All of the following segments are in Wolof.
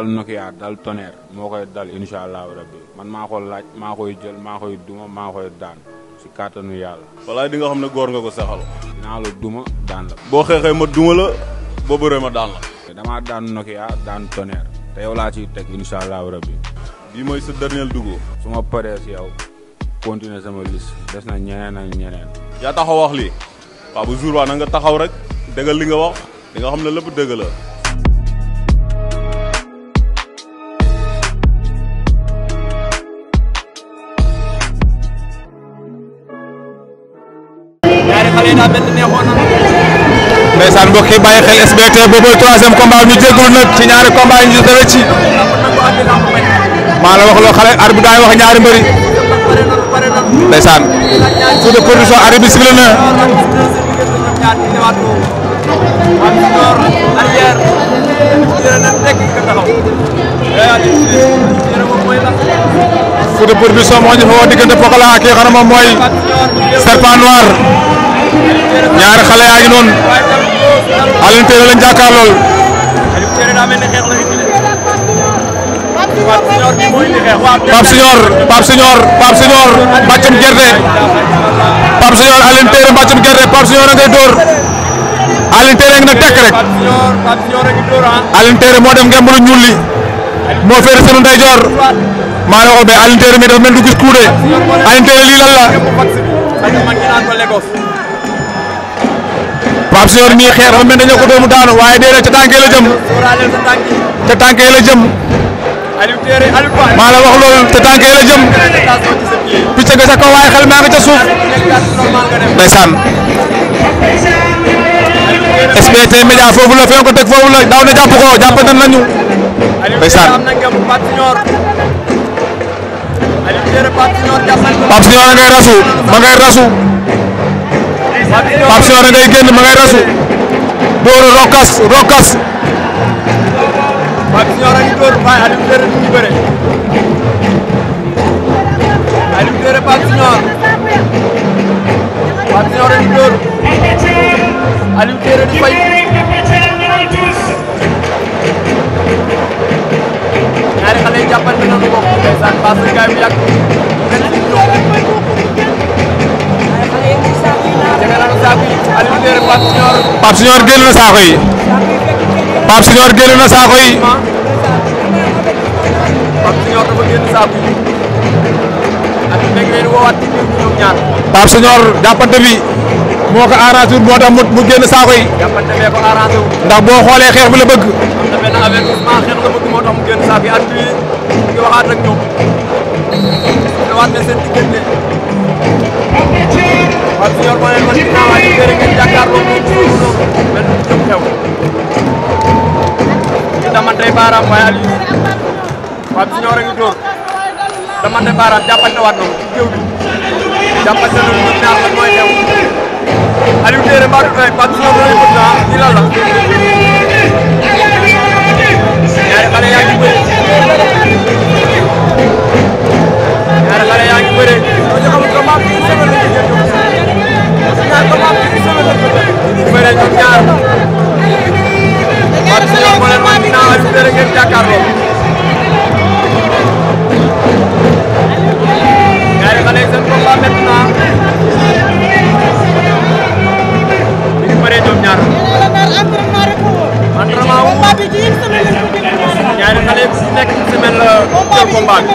dal Nokia dal tonnerre moo koy dal incha allahu rabbi man maa ko laaj maa koy jël maa koy duma maa koy daan si kàttanu yàlla. walaay di nga xam ne góor nga ko saxal. naa la duma daan la. boo xeexee ma duma la boo bëree ma daan la. damaa daan Nokia daan tonnerre te yow laa ciy teg incha allahu rabbi. bii mooy sa dernier dugub. su ma paree si yow continuer sama liste des na ñeneen a ñeneen. yaa taxaw wax lii. waaw bu jour waa na nga taxaw rek dëggal li nga wax. li nga xam la. tey daa mel ni neexoon na. ndeysaan xel SBT boobu mooy troisième combat ñu jégalu nag ci ñaari combat yi ñu dara maa la wax loo xale arbitre daay wax ñaari mbëri. ndeysaan. coup production arbitre bi sifflé production moo ñu fa woo diggante Pokola ak ki nga xam noir. ñaar xale yaa ngi noonu Alioune Tééré lañ jàkkaar lool. Pape Signor Pape Signor Pape gerte Pape Signor Alioune Tééré mbàccum gerte Pape Signor a ngay dóor Alioune Tééré ngi na tekk rek ah. Alioune Tééré moo dem ngeen ñuul li moo féere sunu ndeyjoor maa ngi wax ko mais Alioune mi dafa mel du gis kuude Alioune Tééré lii lan Pape Sior mii xeer dafa mel ne dañoo ko doomu daanu waaye déedéet ca tànkee jëm. ca tànkee jëm. maa la wax loolu ca tànkee jëm. picc nga sa kaw waaye xel maa nga ca suuf. ndeysaan. SBT Média foofu la fee ko teg foofu la daaw na jàpp ko jàppante nañu. ndeysaan. Pape Sior a ngay rasu ma ngay rasu. Pape Sione ngay génn ma ngay rasu dóor rokas rokas Pape Sione a ngi dóor waaye Aliou Déré du ñu bëre Aliou Déré Pape Sione Pape Sione a ngi dóor Aliou Déré di fay ñaari xale yi jàppante nañu ko ndeysaan passe gaay bu yàgg Pape Signor génn na saako yi Pape Signor génn na saako yi Pape Signor jàppante moo ko arrangé moo tax mu génn saako ndax boo xoolee xeex bi la bëgg. waaw si yoon moo leen mën ci naaw waaye ñu ngi jàkkaarloo moom moom loolu mel ni jëm xew. ñu damante baaraam waaye Aliou waaw si ñoo rek ñu dóor damante baaraam jàppante waat noonu jëw bi jàppante noonu ñoom ñaar lan mooy xew Aliou Téere mbaa du ay Pape Sow loolu yëpp naa ci lan la. ñaari xale yaa ngi bëre ñaari xale yaa ngi bëre ñooñu amul combat bi ñu sëbal la ñu jënd bëre ñoom ñaar Fatou Seye moo leen wan ginnaaw ak bëre ngeen jàkkaarloo ñaari xale seen combat métti na ñu bëre ñoom ñaar entraînement wu ñaari xale bu nekk semaine la jël combat bi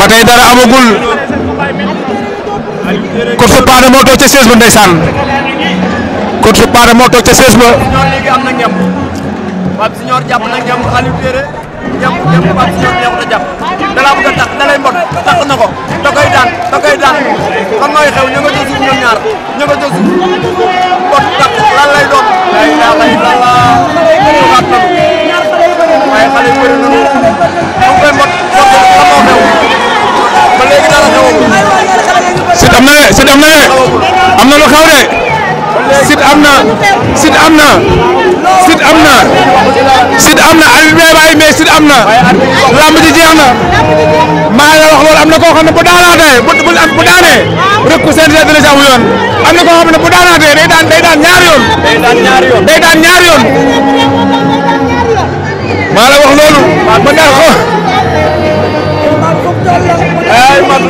ba tey dara amagul course su paane moo toog ca sees ba ndeysaan course su paane moo toog ca sees ba. Pape Signor jàpp na ngem Aliou Téré ngem ngem Pape Signor neexut a jàpp da a tax da lay mbot tax ko da koy daan da koy daan kon xew ña nga jël suuf ñoom ñaar ña nga jël mbot tax lay doon. ay meesit am na lamb ji jeex na maa la wax loolu am na koo xam ne bu daanaatee bu bu bu daanee rek ko seen dina ci am yoon am na koo xam ne bu daanaatee day daan day daan ñaari yoon day daan ñaari yoon maa la wax loolu ba daan ko ay man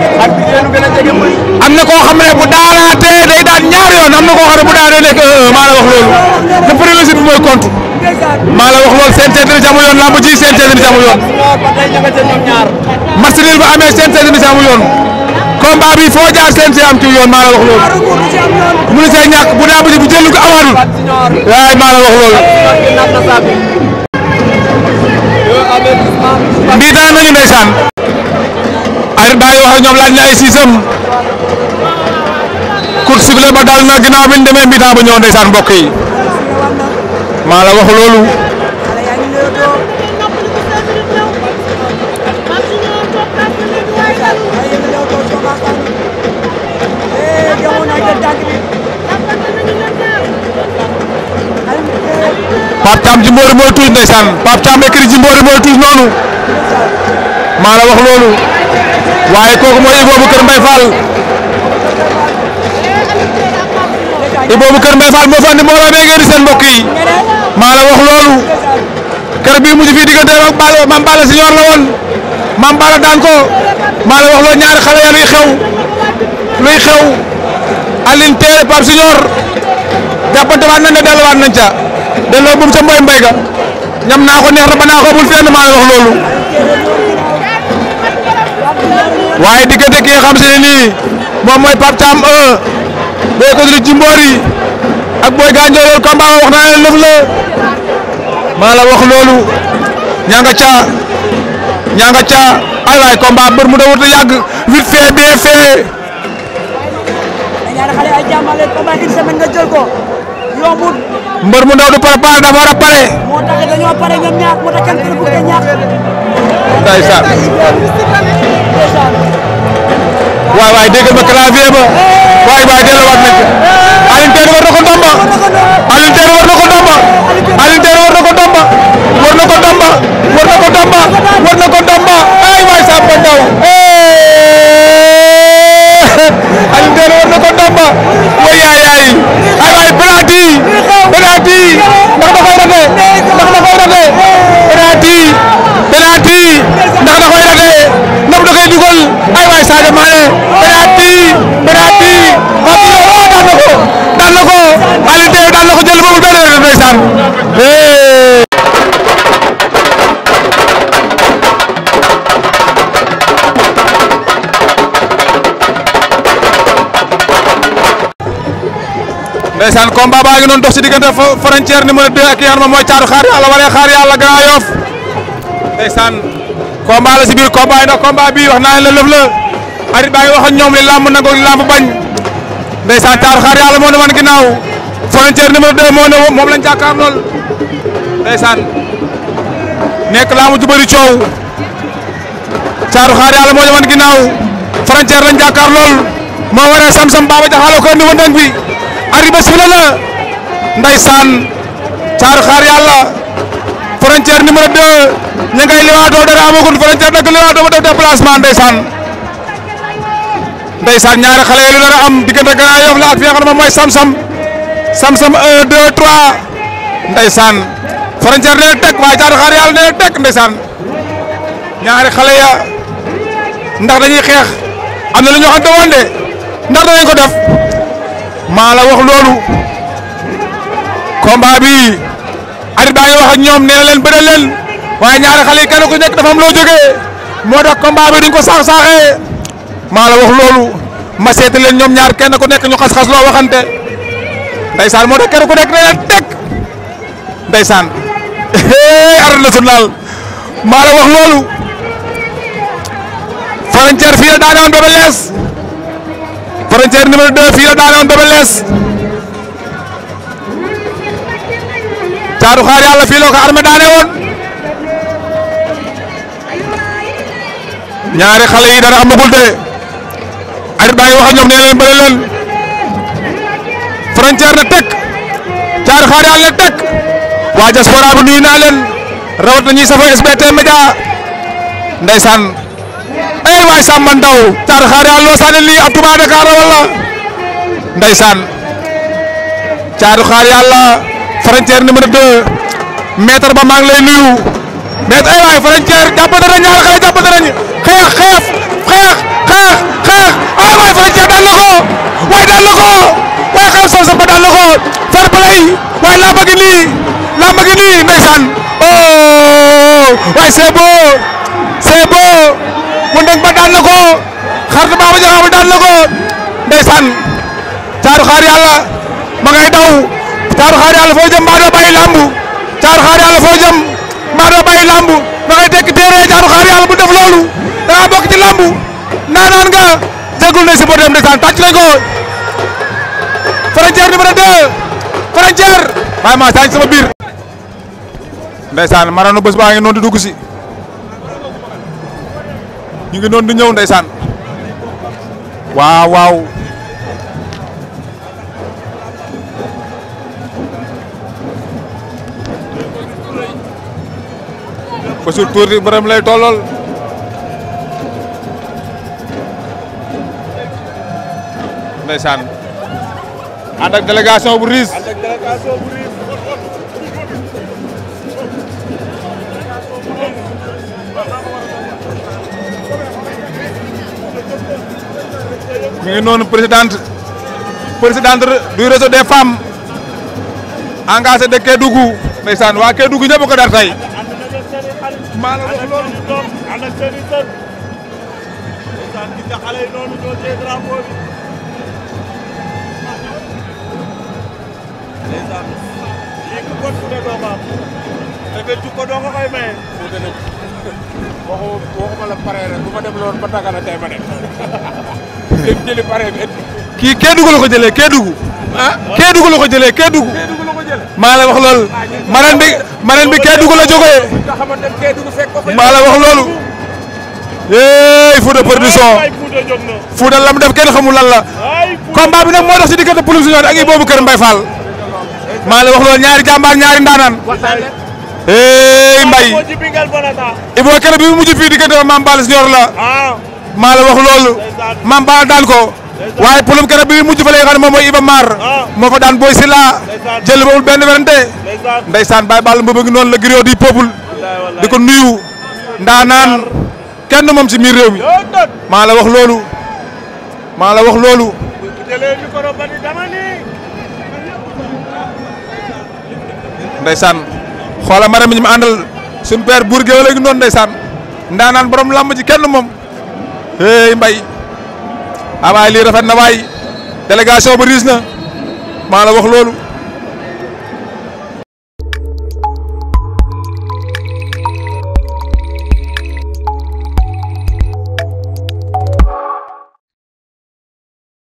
am na koo xam ne bu daalaatee day daan ñaari yoon am na koo xam ne bu daanee nekk euh, maa la wax loolu le premier site bi mooy compte maa la wax loolu seen seetlu jàmm yoon lamb ji seen seetlu jàmm yoon. match nul ba amee seen seetlu jàmm yoon combat bi foo jaar seen see am ci yoon maa la wax loolu munu see ñàkk bu daa bu jël ko awaanul waaye maa la wax loolu. mbii dara nañu ndeysaan. Père Baye wax ak ñoom laaj na ay bi la ba daal na ginnaaw demee mbitaa ba ñëw ndeysaan mbokk yi maa la wax loolu Pape Thiam ji mboori tuus ndeysaan Pape Thiam écrit ji mboori mooy tuus noonu maa la wax loolu waaye kooku mooy Ibou Boucar Mbaye Fall Ibou Boucar Mbaye Fall moo fa andi mbooloo bee ngeen di seen mbokk yi maa la wax loolu kër bii mujj fii diggante ak Balla Mame Balla la woon Mame Balla daan maa la wax loolu ñaari xale luy xew luy xew Aline Téere Pape Senior jàppante waat nañ ne delluwaat nañ ca delloo buum ca mboy mbay ga ñam naa ko neex na naa ko bul fenn maa la wax loolu. waaye diggante ki nga xam se ne nii moom mooy Pape Thiam 1 Boy Kozlik ci mboor yi ak Boy Gandiol loolu combat wax naa leen lëf la maa la wax loolu ñaa nga caa ñaa nga caa ay waay combat mbër mu da wut a yàgg dafa war pare. moo tax dañoo pare ñoom ñaar moo tax kenn ku bu ko ñaax. waay waay déggal ma clavier ba waay waay delloo waat nañ ko Alioune Tine war na ko ndomba Alioune Tine ndeysaan combat baa ngi noonu dox ci diggante frontière numéro 2 ak yan moom mooy caatu xaar yàlla wala xaar yàlla Grand Yoff ndeysaan combat la ci biir combat yi ndax combat bii wax naa la lëf la arit baa ngi wax ak ñoom li làmb nangoo li làmb bañ ndeysaan caatu xaar moo ne man ginnaaw frontière numéro 2 moo ne moom lañ jàkkaar lool ndeysaan nekk laamu ju bëri coow caatu xaar moo ne man ginnaaw frontière lañ jàkkaar lool moo waral sam-sam baaba jaxaalo ko arbitre bi sifflé na ndeysaan caaru xaar yàlla frontière numéro 2 ña ngay liwaatoo dara amagul frontière nag liwaatoo ba def déplacement ndeysaan ndeysaan ñaari xale yi lu dara am diggante Grand Yoff la fi nga xam ne moom mooy Samsam Samsam 1 2 3 ndeysaan frontière nee na teg waaye caaru xaar yàlla nee na teg ñaari xale ya ndax dañuy xeex am na lu ñu waxante woon de ndax ko def. maa la wax loolu combat bi arbitre baa ngi wax ak ñoom nee leen bëre leen waaye ñaari xale yi kenn ku nekk dafa am loo jógee moo tax combat bi duñ ko saax saaxee maa la wax loolu ma seeti leen ñoom ñaar kenn ku nekk ñu xas-xas loo waxante ndeysaan moo tax kenn ku nekk nee na teg ndeysaan arène nationale maa la wax loolu frontière fii la daanaan Bébé frontière numéro 2 fii la daane woon Double Less Caatu Xaar Yàlla fii la dara amagul de arbitre baa ngi wax ak ñoom nee leen na teg Caatu Xaar Yàlla na waa diaspora bu nuyu naa leen rawat na ñuy safoo SBT Média ndeysaan ey waay Samba Ndaw caatu xaari àlloo sànni lii ab Touba Dakar la wala ndeysaan xaari àlla frontière numéro 2 maître ba maa ngi lay nuyu maître ey waay frontière jàppante ñaar xale jàppante nañ xeex xeex xeex xeex xeex ay ah, waay frontière daan ko waay daan ko waay xeex soo sa ko fair play waay làmba gi nii làmba gi nii ndeysaan oh waay c'est beau mu ndeg ba daan na ko xaritu Baba Jaxaw ba daan na ko ndeysaan caaru xaar yàlla ma ngay daw caaru xaar yàlla mbaa doo bàyyi làmb caaru xaar yàlla mbaa doo bàyyi làmb ma ngay tekki téere caaru xaar yàlla bu def loolu da nga bokk ci làmb naanaan nga jégul na si botem ndeysaan tàcc nañ ko frontière numéro 2 frontière bàyyi ma sañ sama biir ndeysaan maranu bés baa ngi noonu di dugg si ñu ngi noonu di ñëw ndeysaan waaw waaw Bassirou Touré borom lay tollool ndeysaan ànd ak délégation bu riis ak délégation bu riis mu ngi noonu présidente présidente du réseau de Kédougou ndeysaan waa Kédougou ñëpp ko dar tey maa la wax loolu ana seeni sët waxu waxuma la pare rek kii Kédougou la ko jëlee Kédougou. ah Kédougou la ko jëlee la ko jëlee. maa la wax loolu. marraine ah, bi marraine bi Kédougou la jógee. ko. maa la wax loolu. yéey Fouta production Fouta lam def kenn xamul lan la. combat bi nag moo tax si diggante Pulum Junior ak Ibou Kër Mbaye Fall. maa la wax loolu ñaari jàmbaar ñaari ndaanaan. hey Mbaye Ibou Kane mujj fii diggante ma Mame Balla Junior la. maa wax loolu. Mame Balla daan ko. waaye problème keroog bi mujj fa la nga moom Iba Mar. Ah. moo fa daan Boy Sila. jël boobu benn werante. ndeysaan Baye Balla Mbow ngi noonu la griot du peuple. di ko nuyu. ndaanaan kenn moom ci biir réew mi. maa la wax loolu. maa la wax loolu. ndeysaan. xoola ma dem ñu ma àndal suñu père buur géwél léegi noonu ndeysaan ndaanaan borom làmb ji kenn moom hey mbay awaay ah, lii rafet na waay délégation ba riis na maa la wax loolu